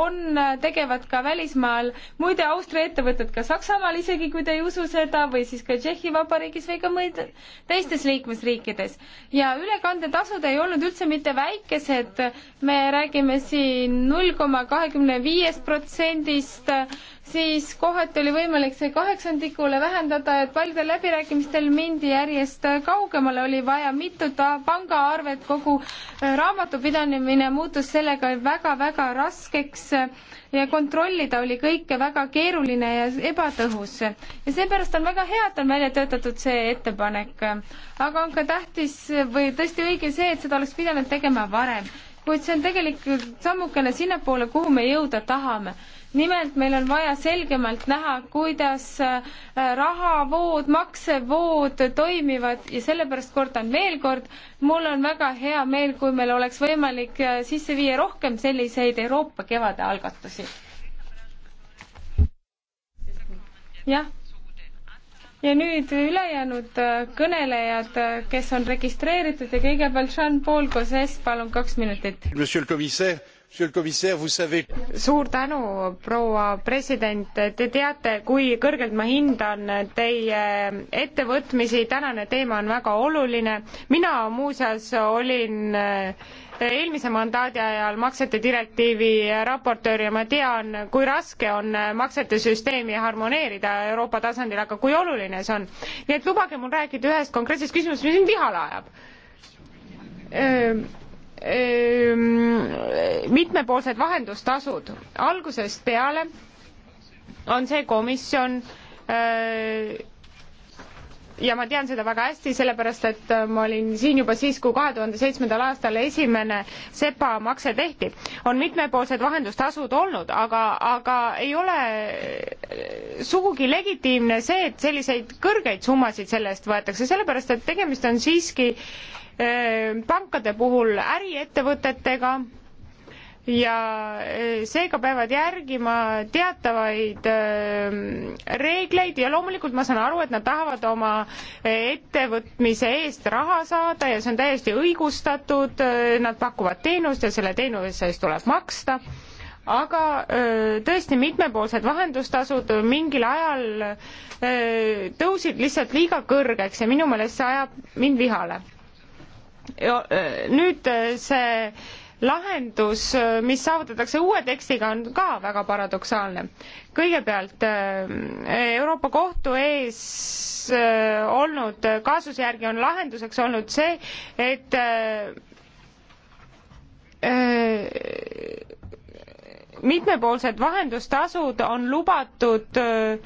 on, äh, tegevad ka välismaal, muide Austria ettevõtted ka Saksamaal, isegi kui te ei usu seda, või siis ka Tšehhi Vabariigis või ka mõid teistes liikmesriikides. ja ülekandetasud ei olnud üldse mitte väikesed, me räägime siin null koma kahekümne viiest protsendist, siis kohati oli võimalik see kaheksandikule vähendada, et paljudel läbirääkimistel mindi järjest kaugemale, oli vaja mitut pangaarvet, kogu äh, raamatupidamine muutus sellega väga-väga raskeks äh, ja kontrollida oli kõike väga keeruline ja ebatõhus. ja seepärast on väga hea, et on välja töötatud see ettepanek. aga on ka tähtis või tõesti õige see, et seda oleks pidanud tegema varem kuid see on tegelikult sammukene sinnapoole, kuhu me jõuda tahame nimelt meil on vaja selgemalt näha, kuidas äh, rahavood, maksevood toimivad ja sellepärast kordan veel kord, mul on väga hea meel, kui meil oleks võimalik äh, sisse viia rohkem selliseid Euroopa kevade algatusi. jah. ja nüüd ülejäänud äh, kõnelejad, kes on registreeritud ja kõigepealt Jean-Paul Gosses, palun kaks minutit. Monsieur le commissaire suur tänu, proua president, te teate, kui kõrgelt ma hindan teie ettevõtmisi, tänane teema on väga oluline. mina muuseas olin eh, eelmise mandaadi ajal maksete direktiivi raportöör ja ma tean, kui raske on maksete süsteemi harmoneerida Euroopa tasandil, aga kui oluline see on. nii et lubage mul rääkida ühest konkreetsest küsimusest, mis mind vihale ajab ehm, Ehm, mitmepoolsed vahendustasud. algusest peale on see komisjon äh, ja ma tean seda väga hästi, sellepärast et äh, ma olin siin juba siis, kui kahe tuhande seitsmendal aastal esimene sepa makse tehti. on mitmepoolsed vahendustasud olnud, aga, aga ei ole äh, sugugi legitiimne see, et selliseid kõrgeid summasid selle eest võetakse, sellepärast et tegemist on siiski äh, Ehm, pankade puhul äriettevõtetega ja eh, seega peavad järgima teatavaid ehm, reegleid ja loomulikult ma saan aru, et nad tahavad oma eh, ettevõtmise eest raha saada ja see on täiesti õigustatud, eh, nad pakuvad teenust ja selle teenuse eest tuleb maksta, aga tõesti, mitmepoolsed vahendustasud mingil ajal tõusid lihtsalt liiga kõrgeks ja minu meelest see ajab mind vihale Äh, nüüd äh, see lahendus, äh, mis saavutatakse uue tekstiga, on ka väga paradoksaalne. kõigepealt Euroopa Kohtu ees olnud kaasuse järgi on lahenduseks olnud see, et mitmepoolsed vahendustasud on lubatud öö,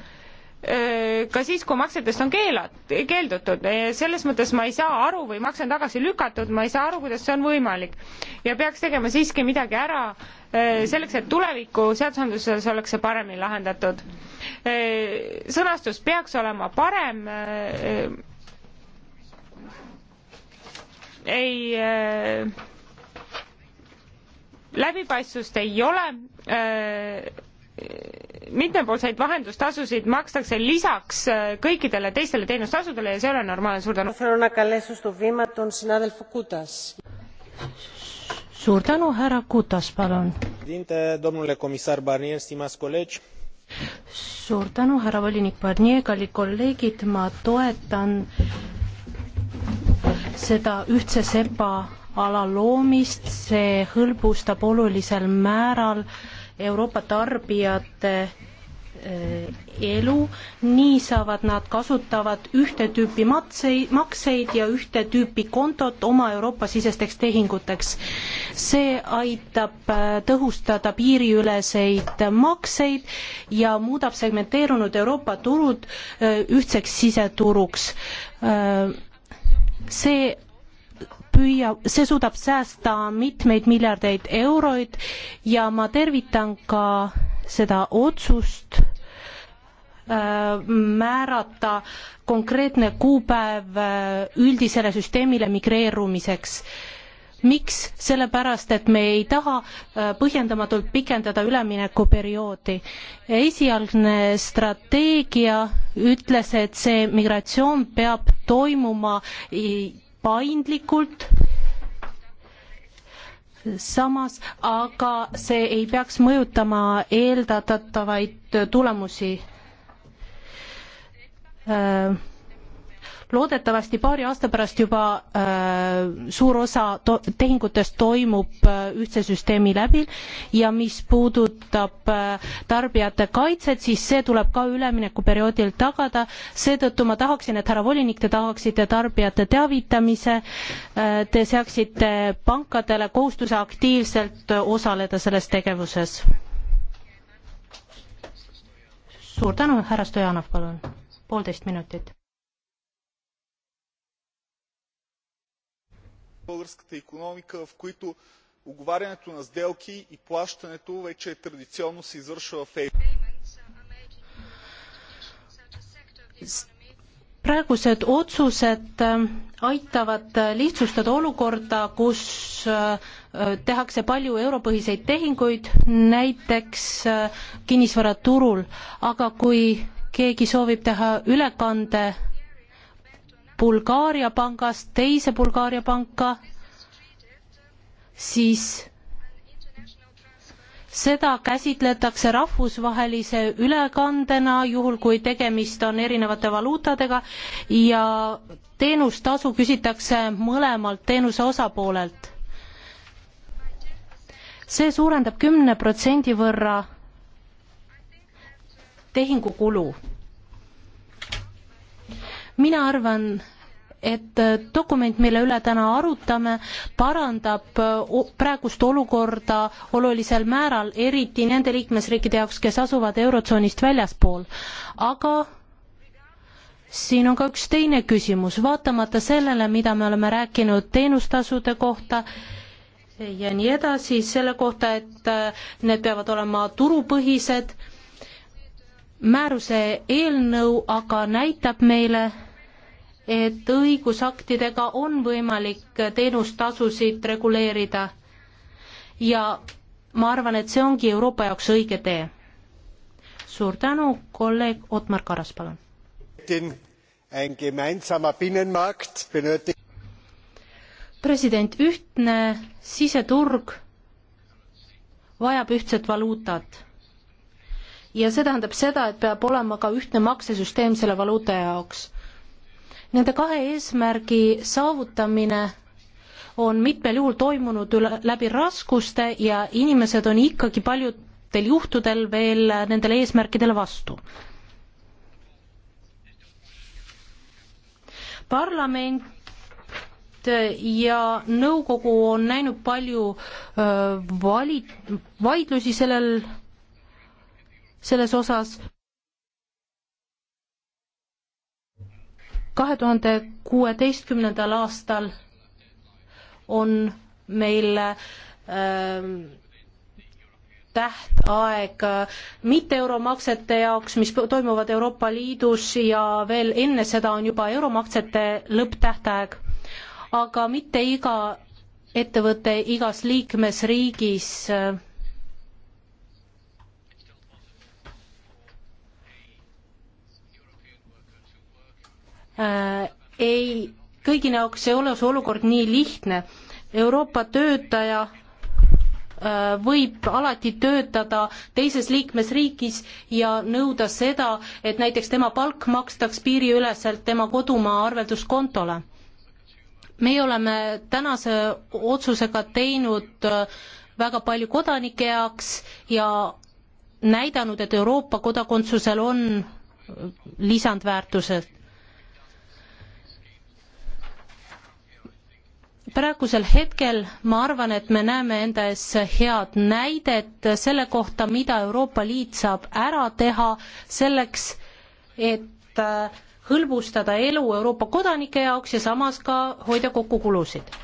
Äh, ka siis, kui maksetest on keelat-, keeldutud. Äh, selles mõttes ma ei saa aru või makse on tagasi lükatud, ma ei saa aru, kuidas see on võimalik. ja peaks tegema siiski midagi ära äh, selleks, et tuleviku seadusandluses oleks see paremini lahendatud. sõnastus peaks olema parem, ei, läbipaistvust ei ole mitmepoolseid vahendustasusid makstakse lisaks äh, kõikidele teistele teenustasudele ja see ei ole normaalne. suur tänu. suur tänu, härra Kutas, palun. suur tänu, härra volinik Barnier, kallid kolleegid, ma toetan seda ühtse sepa ala loomist, see hõlbustab olulisel määral äh, Euroopa tarbijate eh, elu, nii saavad nad kasutavad ühte tüüpi matseid, makseid ja ühte tüüpi kontot oma Euroopa-sisesteks tehinguteks. see aitab eh, tõhustada piiriüleseid makseid ja muudab segmenteerunud Euroopa turud eh, ühtseks siseturuks. see püüab, see suudab säästa mitmeid miljardeid euroid ja ma tervitan ka seda otsust äh, määrata konkreetne kuupäev äh, üldisele süsteemile migreerumiseks. miks? sellepärast, et me ei taha äh, põhjendamatult pikendada üleminekuperioodi. esialgne strateegia ütles, et see migratsioon peab toimuma paindlikult, samas aga see ei peaks mõjutama eeldatavaid tulemusi äh, loodetavasti paari aasta pärast juba äh, suur osa to tehingutest toimub äh, ühtse süsteemi läbi ja mis puudutab äh, tarbijate kaitset, siis see tuleb ka üleminekuperioodil tagada, seetõttu ma tahaksin, et härra volinik, te tahaksite tarbijate teavitamise äh,, te seaksite pankadele kohustuse aktiivselt osaleda selles tegevuses. suur tänu, härra Stojanov, palun, poolteist minutit българската икономика в които уговарянето на сделки и плащането вече традиционно се извършва в евро. praegused otsused aitavad lihtsustada olukorda, kus tehakse palju europõhiseid tehinguid, näiteks kinnisvaraturul, aga kui keegi soovib teha ülekande Bulgaaria pangast teise Bulgaaria panka, siis seda käsitletakse rahvusvahelise ülekandena, juhul kui tegemist on erinevate valuutadega ja teenustasu küsitakse mõlemalt teenuse osapoolelt. see suurendab kümne protsendi võrra tehingukulu mina arvan, et dokument, mille üle täna arutame, parandab äh, praegust olukorda olulisel määral, eriti nende liikmesriikide jaoks, kes asuvad Eurotsoonist väljaspool. aga siin on ka üks teine küsimus, vaatamata sellele, mida me oleme rääkinud teenustasude kohta, ja nii edasi, selle kohta, et äh, need peavad olema turupõhised, määruse eelnõu aga näitab meile, et õigusaktidega on võimalik teenustasusid reguleerida ja ma arvan, et see ongi Euroopa jaoks õige tee. suur tänu, kolleeg Otmar Karas, palun. president, ühtne siseturg vajab ühtset valuutat ja see tähendab seda, et peab olema ka ühtne maksesüsteem selle valuuta jaoks Nende kahe eesmärgi saavutamine on mitmel juhul toimunud üle, läbi raskuste ja inimesed on ikkagi paljudel juhtudel veel nendele eesmärkidele vastu. parlament ja nõukogu on näinud palju öö, vali-, vaidlusi sellel, selles osas kahe tuhande kuueteistkümnendal aastal on meil ähm, tähtaeg mitte euromaksete jaoks, mis toimuvad Euroopa Liidus ja veel enne seda on juba euromaksete lõpptähtaeg, aga mitte iga ettevõte igas liikmesriigis äh, Äh, ei, kõigi jaoks ei ole see olukord nii lihtne. Euroopa töötaja äh, võib alati töötada teises liikmesriigis ja nõuda seda, et näiteks tema palk makstaks piiriüleselt tema kodumaa arvelduskontole. meie oleme tänase otsusega teinud äh, väga palju kodanike jaoks ja näidanud, et Euroopa kodakondsusel on lisandväärtused praegusel hetkel ma arvan, et me näeme enda ees head näidet selle kohta, mida Euroopa Liit saab ära teha selleks, et äh, hõlbustada elu Euroopa kodanike jaoks ja samas ka hoida kokku kulusid.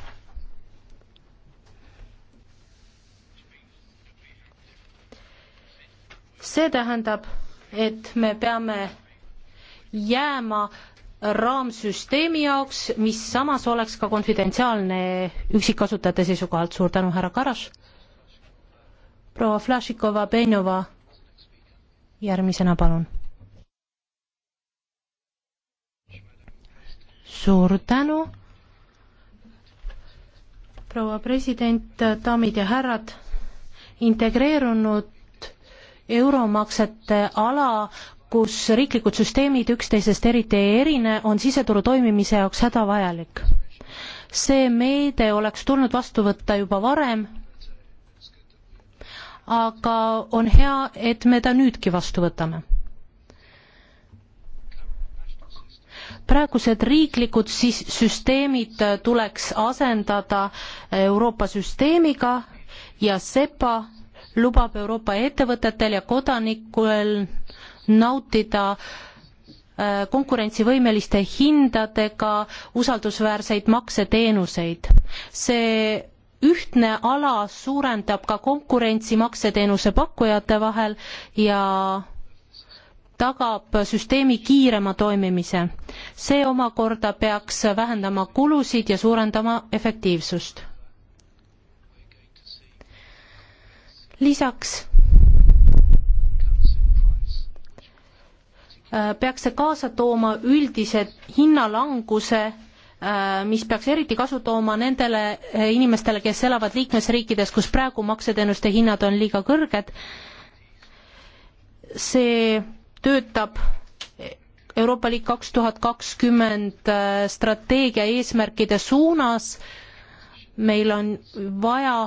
see tähendab, et me peame jääma raamsüsteemi jaoks, mis samas oleks ka konfidentsiaalne üksikasutajate seisukohalt. suur tänu, härra Karas. proua Flašikova-Benova, järgmisena palun. suur tänu. proua president, daamid ja härrad, integreerunud euromaksete ala kus riiklikud süsteemid üksteisest eriti ei erine, on siseturu toimimise jaoks hädavajalik. see meede oleks tulnud vastu võtta juba varem, aga on hea, et me ta nüüdki vastu võtame. praegused riiklikud siis süsteemid tuleks asendada Euroopa süsteemiga ja SEPA lubab Euroopa ettevõtetel ja kodanikel äh, nautida äh, konkurentsivõimeliste hindadega usaldusväärseid makseteenuseid. see ühtne ala suurendab ka konkurentsi makseteenuse pakkujate vahel ja tagab süsteemi kiirema toimimise. see omakorda peaks vähendama kulusid ja suurendama efektiivsust. lisaks Äh, peaks see kaasa tooma üldise hinnalanguse, äh, mis peaks eriti kasu tooma nendele äh, inimestele, kes elavad liikmesriikides, kus praegu makseteenuste hinnad on liiga kõrged. see töötab Euroopa Liit kaks tuhat kakskümmend strateegia eesmärkide suunas. meil on vaja,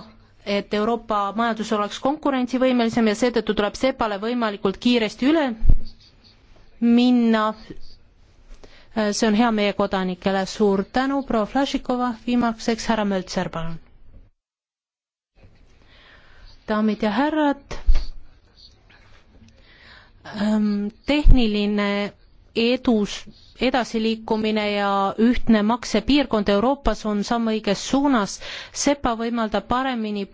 et Euroopa majandus oleks konkurentsivõimelisem ja seetõttu tuleb sepale võimalikult kiiresti üle minna. see on hea meie kodanikele, suur tänu, proua Flašikova, viimaseks härra Möltser, palun. daamid ja härrad, ähm, tehniline edus, edasiliikumine ja ühtne maksepiirkond Euroopas on samm õiges suunas. SEPA võimaldab paremini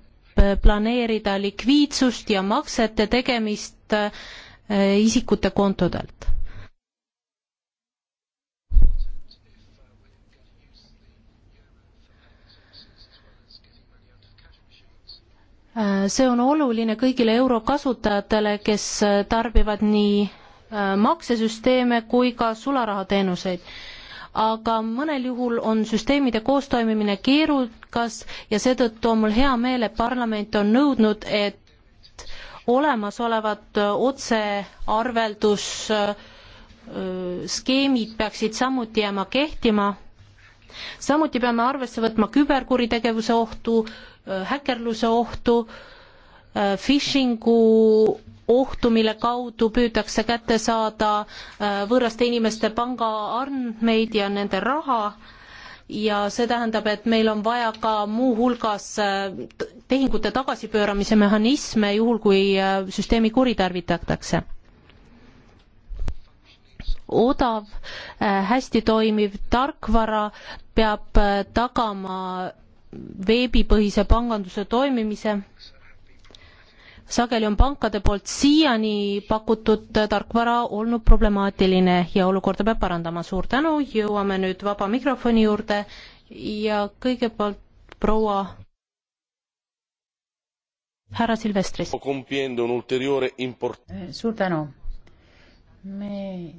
planeerida likviidsust ja maksete tegemist äh, Äh, isikute kontodelt. Äh, see on oluline kõigile euro kasutajatele, kes äh, tarbivad nii maksesüsteeme kui ka sularahateenuseid aga mõnel juhul on süsteemide koostoimimine keerukas ja seetõttu on mul hea meel, et parlament on nõudnud, et olemasolevad äh, otsearveldusskeemid äh, peaksid samuti jääma kehtima. samuti peame arvesse võtma küberkuritegevuse ohtu, äh, häkkerluse ohtu, phishing'u ohtu, mille kaudu püütakse kätte saada võõraste inimeste pangaandmeid ja nende raha ja see tähendab, et meil on vaja ka muuhulgas äh, tehingute tagasipööramise mehhanisme, juhul kui äh, süsteemi kuritarvitatakse. odav, äh, hästi toimiv tarkvara peab tagama veebipõhise panganduse toimimise sageli on pankade poolt siiani pakutud tarkvara olnud problemaatiline ja olukorda peab parandama. suur tänu, jõuame nüüd vaba mikrofoni juurde ja kõigepealt proua härra Silvestris. Eh, suur tänu. me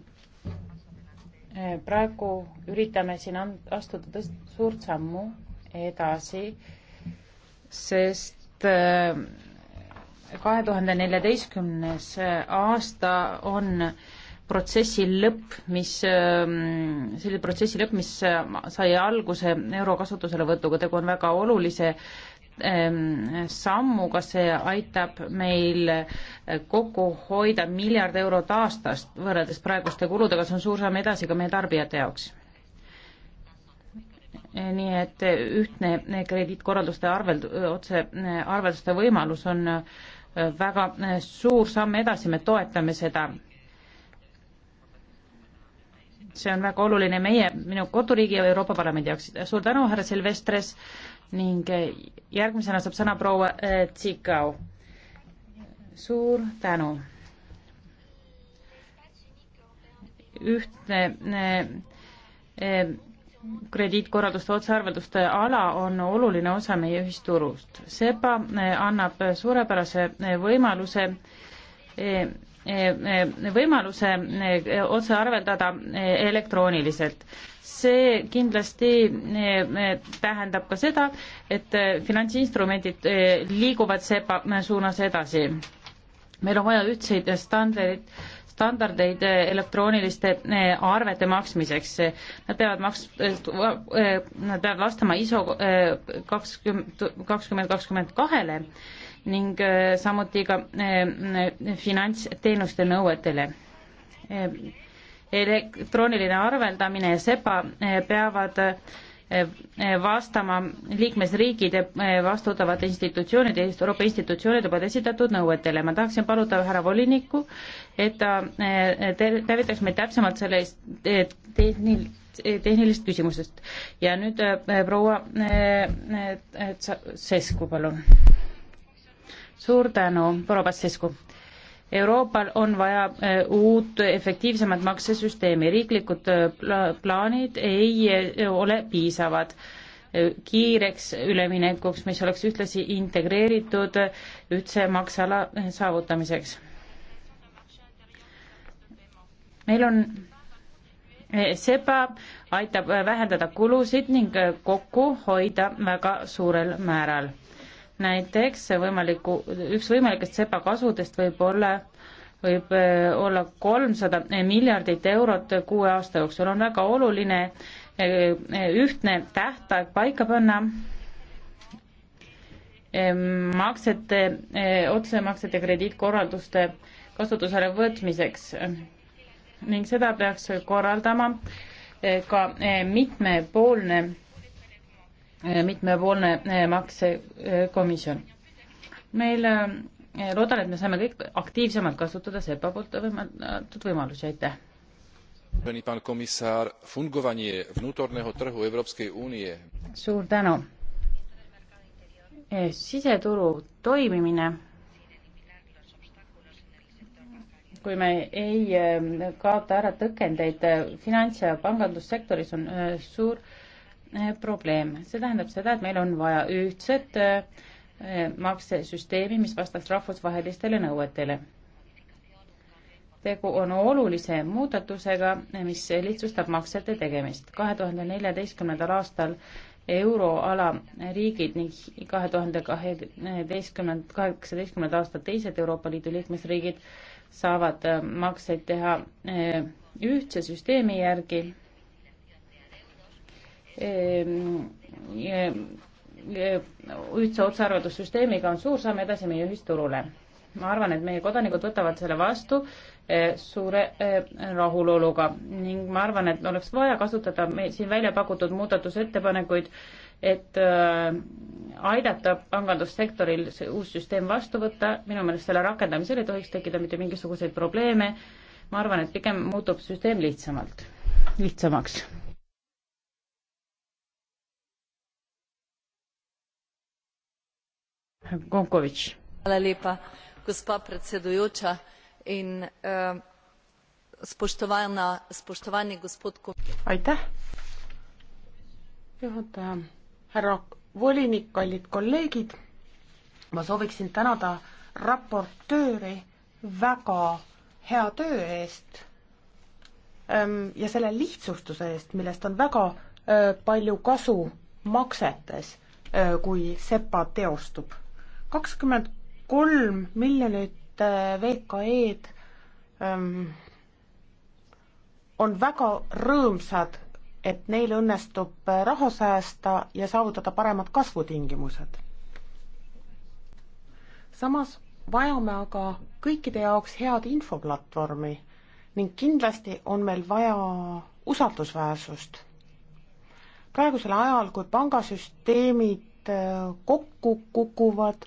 eh, praegu üritame siin astuda tõst-, suurt sammu edasi, sest eh, kahe tuhande neljateistkümnes aasta on protsessi lõpp, mis, ähm, selle protsessi lõpp, mis sai alguse euro kasutuselevõtuga, tegu on väga olulise ähm, sammuga, see aitab meil kokku hoida miljard eurot aastas võrreldes praeguste kuludega, see on suur samm edasi ka meie tarbijate jaoks nii et ühtne krediitkorralduste arveld-, otse arvelduste võimalus on äh, väga äh, suur samm edasi, me toetame seda. see on väga oluline meie, minu koduriigi ja Euroopa Parlamendi jaoks. suur tänu, härra Silvestres ning äh, järgmisena saab sõna proua Tsikau. suur tänu. ühtne äh, äh, krediitkorralduste otsearvelduste ala on oluline osa meie ühisturust. SEPA eh, annab suurepärase eh, võimaluse eh, võimaluse otse arveldada elektrooniliselt. see kindlasti tähendab ka seda, et finantsinstrumendid liiguvad SEPA suunas edasi. meil on vaja ühtseid standardeid standardeid eh, elektrooniliste eh, arvete maksmiseks. Nad peavad maks-, eh, nad peavad vastama ISO kakskümmend, kakskümmend kakskümmend kahele ning samuti ka finantsteenuste nõuetele. elektrooniline arveldamine ja SEPA peavad Eh, vastama liikmesriikide eh, vastutavate institutsioonide, Euroopa institutsioonide poolt esitatud nõuetele. ma tahaksin paluda härra volinikku, et ta eh, teavitaks meid täpsemalt sellest tehnil-, tehnilisest küsimusest. ja nüüd proua Sesku, palun. suur tänu, proua Passesku Euroopal on vaja eh, uut efektiivsemat maksesüsteemi, riiklikud eh, plaanid ei eh, ole piisavad kiireks üleminekuks, mis oleks ühtlasi integreeritud ühtse makseala saavutamiseks. meil on SEPA aitab vähendada kulusid ning kokku hoida väga suurel määral näiteks võimaliku, üks võimalikest sepa kasudest võib olla, võib äh, olla kolmsada miljardit eurot kuue aasta jooksul, on väga oluline äh, äh, ühtne tähtaeg paika panna ehm, maksete, otsemaksete krediitkorralduste kasutusele võtmiseks ning seda peaks korraldama ka mitmepoolne Äh, mitmepoolne äh, maksekomisjon. Äh, meil, loodan, et me saame kõik aktiivsemalt kasutada SEPA poolt võimaldatud võimalusi, aitäh! Vážený pán komisár, fungovanie vnútorného trhu Európskej únie. Suur tänu. Siseturu toimimine kui me ei kaota ära tõkendeid finants- ja pangandussektoris, on suur Äh, probleem. see tähendab seda, et meil on vaja ühtset äh, maksesüsteemi, mis vastaks rahvusvahelistele nõuetele. tegu on olulise muudatusega, mis lihtsustab maksete tegemist. kahe tuhande neljateistkümnendal aastal euroala riigid ning kahe tuhande kaheteistkümnend, kaheksateistkümnenda aasta teised Euroopa Liidu liikmesriigid saavad makseid teha äh, ühtse süsteemi järgi Ehm, ehm, ehm, ühtse otsearveldussüsteemiga on suur samm edasi meie ühisturule. ma arvan, et meie kodanikud võtavad selle vastu eh, suure eh, rahuloluga ning ma arvan, et oleks vaja kasutada meil siin välja pakutud muudatusettepanekuid, et eh, aidata pangandussektoril see uus süsteem vastu võtta, minu meelest selle rakendamisel ei tohiks tekkida mitte mingisuguseid probleeme, ma arvan, et pigem muutub süsteem lihtsamalt, lihtsamaks Gonkovič. Hvala lepa, gospa predsedujoča in eh, spoštovana, spoštovani gospod komisar. aitäh, juhataja, härra volinik, kallid kolleegid. ma sooviksin tänada raportööri väga hea töö eest ehm, ja selle lihtsustuse eest, millest on väga eh, palju kasu maksetes, eh, kui SEPA teostub kakskümmend kolm miljonit äh, VKE-d ähm, on väga rõõmsad, et neil õnnestub äh, raha säästa ja saavutada paremad kasvutingimused. samas vajame aga kõikide jaoks head infoplatvormi ning kindlasti on meil vaja usaldusväärsust. praegusel ajal, kui pangasüsteemid Äh, kokku kukuvad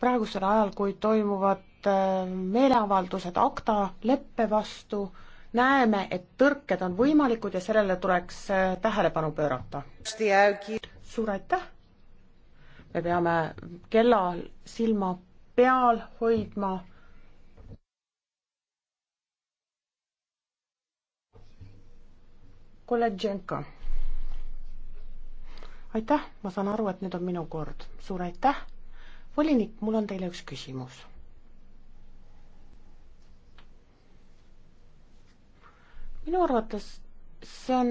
praegusel ajal, kui toimuvad äh, meeleavaldused akta leppe vastu, näeme, et tõrked on võimalikud ja sellele tuleks äh, tähelepanu pöörata. suur aitäh! me peame kellal silma peal hoidma. kolledženko aitäh, ma saan aru, et nüüd on minu kord. suur aitäh. volinik, mul on teile üks küsimus. minu arvates see on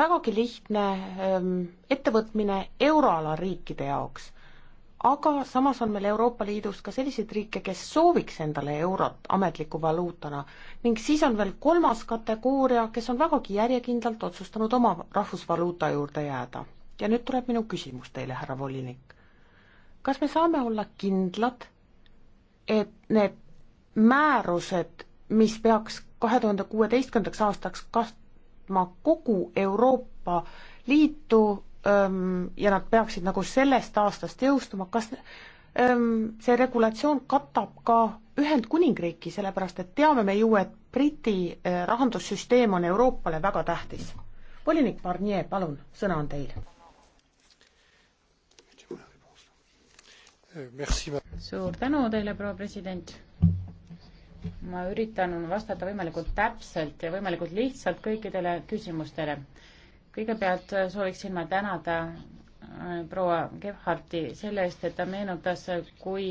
vägagi lihtne ähm, ettevõtmine euroala riikide jaoks, aga samas on meil Euroopa Liidus ka selliseid riike, kes sooviks endale eurot ametliku valuutana ning siis on veel kolmas kategooria, kes on vägagi järjekindlalt otsustanud oma rahvusvaluuta juurde jääda ja nüüd tuleb minu küsimus teile, härra volinik. kas me saame olla kindlad, et need määrused, mis peaks kahe tuhande kuueteistkümnendaks aastaks kastma kogu Euroopa Liitu öm, ähm, ja nad peaksid nagu sellest aastast jõustuma, kas öm, ähm, see regulatsioon katab ka Ühendkuningriiki, sellepärast et teame me ju, et Briti äh, rahandussüsteem on Euroopale väga tähtis. volinik Barnier, palun, sõna on teil suur tänu teile, proua president. ma üritan vastata võimalikult täpselt ja võimalikult lihtsalt kõikidele küsimustele. kõigepealt sooviksin ma tänada äh, proua Gebharti selle eest, et ta meenutas, kui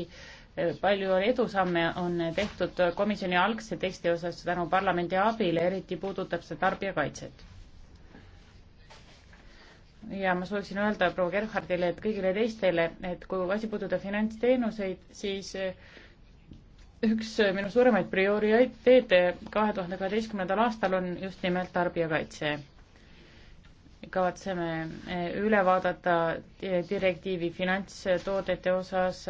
äh, palju edusamme on tehtud komisjoni algse teksti osas tänu parlamendi abile, eriti puudutab see tarbijakaitset ja ma sooviksin öelda proua Gerhardile, et kõigile teistele, et kui asi puudutab finantsteenuseid, siis eh, üks minu suuremaid prioriteete kahe tuhande kaheteistkümnendal aastal on just nimelt tarbijakaitse. kavatseme eh, üle vaadata eh, direktiivi finantstoodete osas,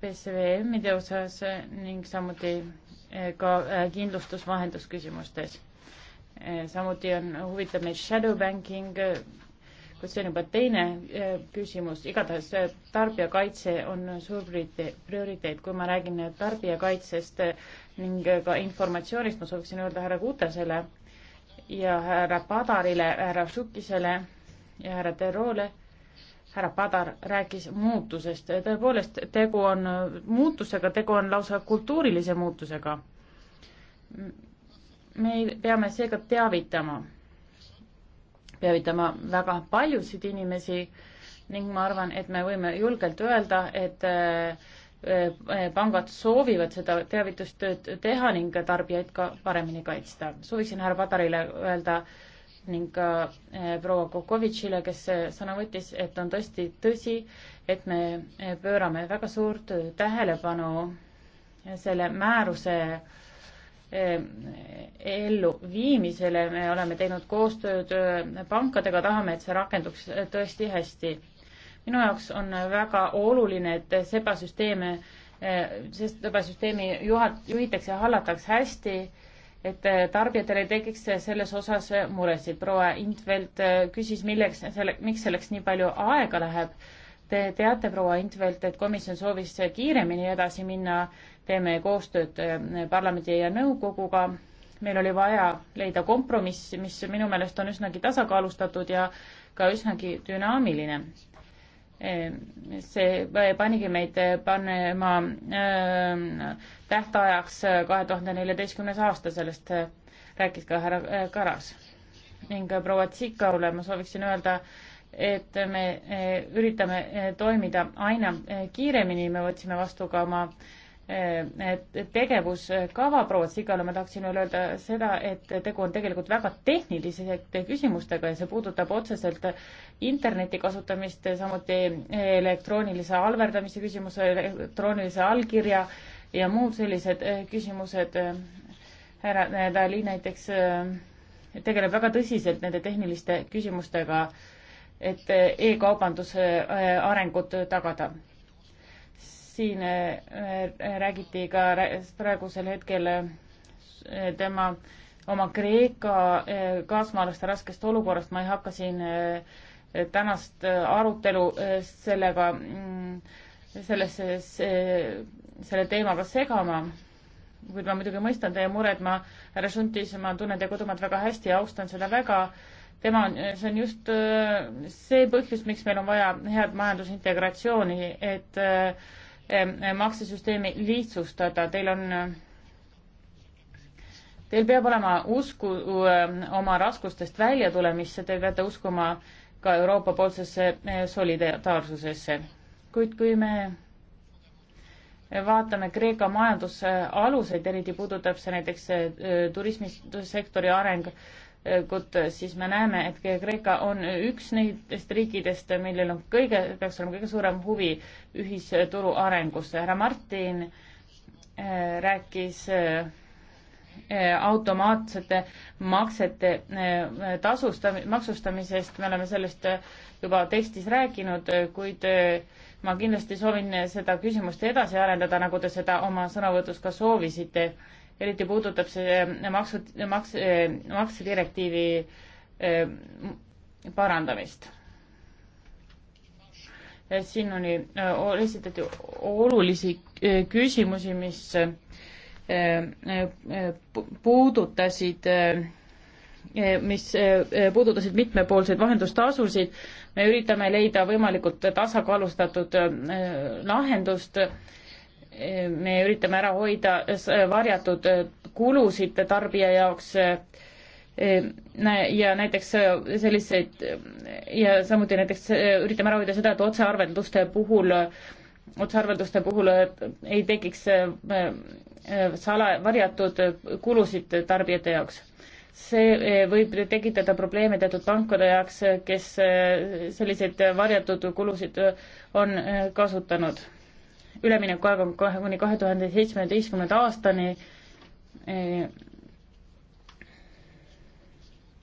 PSVM-ide osas ning samuti ka kindlustusvahendusküsimustes. samuti on, huvitab meid shadow banking kuid see on juba teine äh, küsimus, igatahes äh, tarbijakaitse on suur prioriteet, kui ma räägin äh, tarbijakaitsest ning ka informatsioonist, ma sooviksin öelda härra Kutesele ja härra Padarile, härra Šukisele ja härra Terole härra Padar rääkis muutusest, tõepoolest, tegu on muutusega, tegu on lausa kultuurilise muutusega. me peame seega teavitama peavitama väga paljusid inimesi ning ma arvan, et me võime julgelt öelda, et äh, äh, pangad soovivad seda teavitustööd teha ning tarbijaid ka paremini kaitsta. sooviksin härra Padarile öelda ning ka äh, proua Kokovitšile, kes sõna võttis, et on tõesti tõsi, et me pöörame väga suurt tähelepanu selle määruse äh, Ehm, elluviimisele, me oleme teinud koostööd ehm, pankadega, tahame, et see rakenduks ehm, tõesti hästi. minu jaoks on väga oluline, et SEPA süsteeme, sest SEPA süsteemi juhat-, juhitakse ja hallatakse hästi, et tarbijatel ei tekiks selles osas muresid. proua Intvelt küsis, milleks selle, miks selleks nii palju aega läheb. Te teate, proua Intvelt, et komisjon soovis kiiremini edasi minna teeme koostööd eh, parlamendi ja nõukoguga. meil oli vaja leida kompromiss, mis minu meelest on üsnagi tasakaalustatud ja ka üsnagi dünaamiline. Eh, see panigi meid panema eh, tähtajaks kahe tuhande neljateistkümnes aasta, sellest rääkis ka härra Karas. ning proua Tsikaule ma sooviksin öelda, et me üritame toimida aina kiiremini, me võtsime vastu ka oma äh, Eh, tegevuskava proua Sigale ma tahaksin veel öelda seda, et tegu on tegelikult väga tehniliste küsimustega ja see puudutab otseselt interneti kasutamist, samuti elektroonilise halverdamise küsimuse, elektroonilise allkirja ja muud sellised eh, küsimused. härra Dali näiteks eh, tegeleb väga tõsiselt nende tehniliste küsimustega, et e-kaubanduse arengut tagada siin äh, räägiti ka praegusel hetkel äh, tema oma Kreeka äh, kaasmaalaste raskest olukorrast, ma ei hakka siin tänast arutelu sellega, mm, sellesse, selle teemaga segama, kuid ma muidugi mõistan teie mured, ma, härra Šuntis, ma tunnen teie kodumaad väga hästi ja austan seda väga, tema on, see on just see põhjus, miks meil on vaja head majandusintegratsiooni, et äh, Eh, maksesüsteemi lihtsustada, teil on Teil peab olema usku eh, oma raskustest väljatulemisse, te peate uskuma ka Euroopa poolsesse eh, solidaarsusesse. kuid kui me vaatame Kreeka majanduse aluseid, eriti puudutab see näiteks turismisektori areng, siis me näeme, et Kreeka on üks neist riikidest, millel on kõige, peaks olema kõige suurem huvi ühisturu arengusse. härra Martin eh, rääkis eh, automaatsete maksete eh, tasustam-, maksustamisest, me oleme sellest juba tekstis rääkinud, kuid ma kindlasti soovin seda küsimust edasi arendada, nagu te seda oma sõnavõtus ka soovisite eriti puudutab see maksu, maks, maksedirektiivi eh, parandamist. siin oli, eh, esitati olulisi eh, küsimusi, mis puudutasid, mis puudutasid mitmepoolseid vahendustasusid. me üritame leida võimalikult tasakaalustatud lahendust me üritame ära hoida varjatud äh, kulusid tarbija jaoks äh, ja näiteks äh, selliseid ja samuti näiteks üritame ära hoida seda, et otsearvelduste puhul, otsearvelduste puhul ei tekiks sala, varjatud kulusid tarbijate jaoks. see võib tekitada probleeme teatud pankade jaoks, kes selliseid varjatud kulusid on kasutanud üleminekuaeg on kahe, kuni kahe tuhande seitsmeteistkümnenda aastani,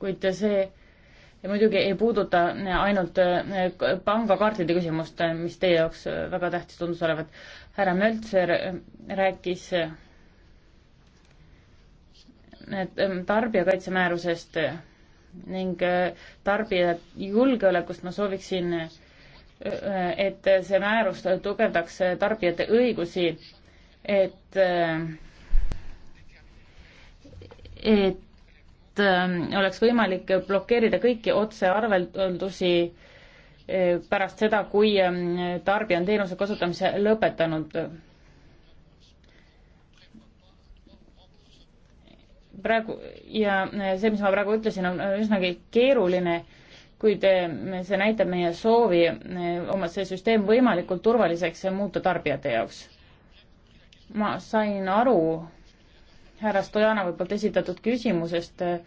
kuid see muidugi ei puuduta ainult eh, pangakaartide küsimust, eh, mis teie jaoks eh, väga tähtis tundus olevat. härra Möltser rääkis tarbijakaitsemäärusest ning tarbija julgeolekust ma sooviksin et see määrus tugevdaks tarbijate õigusi, et, et ähm, oleks võimalik blokeerida kõiki otsearveldusi äh, pärast seda, kui ähm, tarbija on teenuse kasutamise lõpetanud. praegu ja see, mis ma praegu ütlesin, on üsnagi keeruline kuid see näitab meie soovi eh, oma see süsteem võimalikult turvaliseks muuta tarbijate jaoks. ma sain aru härra Stojanovi poolt esitatud küsimusest eh,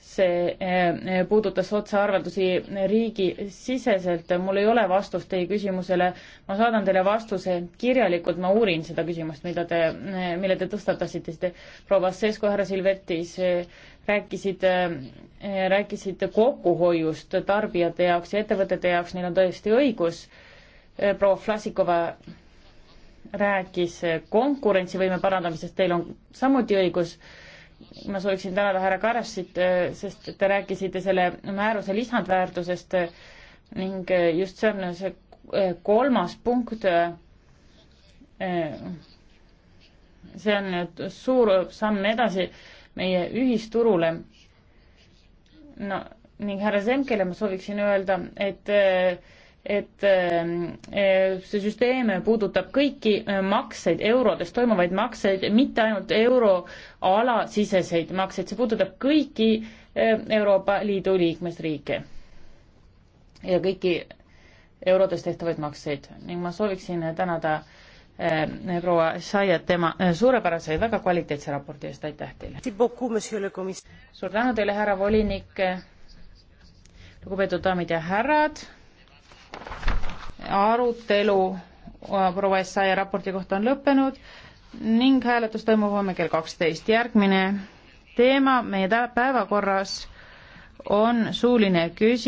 see eh, puudutas otsearveldusi riigisiseselt. mul ei ole vastust teie küsimusele. ma saadan teile vastuse kirjalikult, ma uurin seda küsimust, mida te, eh, mille te tõstatasite. proua Sesko, härra Silvertis eh, rääkisid, rääkisid kokkuhoiust tarbijate jaoks ja ettevõtete jaoks, neil on tõesti õigus. proua Vlasikova rääkis konkurentsivõime parandamisest, teil on samuti õigus ma sooviksin tänada härra Karassit, äh, sest te rääkisite selle määruse lisandväärtusest äh, ning äh, just see on see kolmas punkt. see on suur samm edasi meie ühisturule. no ning härra Semkele ma sooviksin öelda, et et ähm, äh, see süsteem puudutab kõiki äh, makseid, eurodes toimuvaid makseid, mitte ainult euroala siseseid makseid, see puudutab kõiki äh, Euroopa Liidu liikmesriike ja kõiki eurodes tehtavaid makseid ning ma sooviksin tänada proua Saiat tema suurepärase ja väga kvaliteetse raporti eest, aitäh teile! suur tänu teile, härra volinik, lugupeetud daamid ja härrad! arutelu äh, proua Essaia raporti kohta on lõppenud ning hääletus toimub homme kell kaksteist. järgmine teema meie päevakorras on suuline küsimus.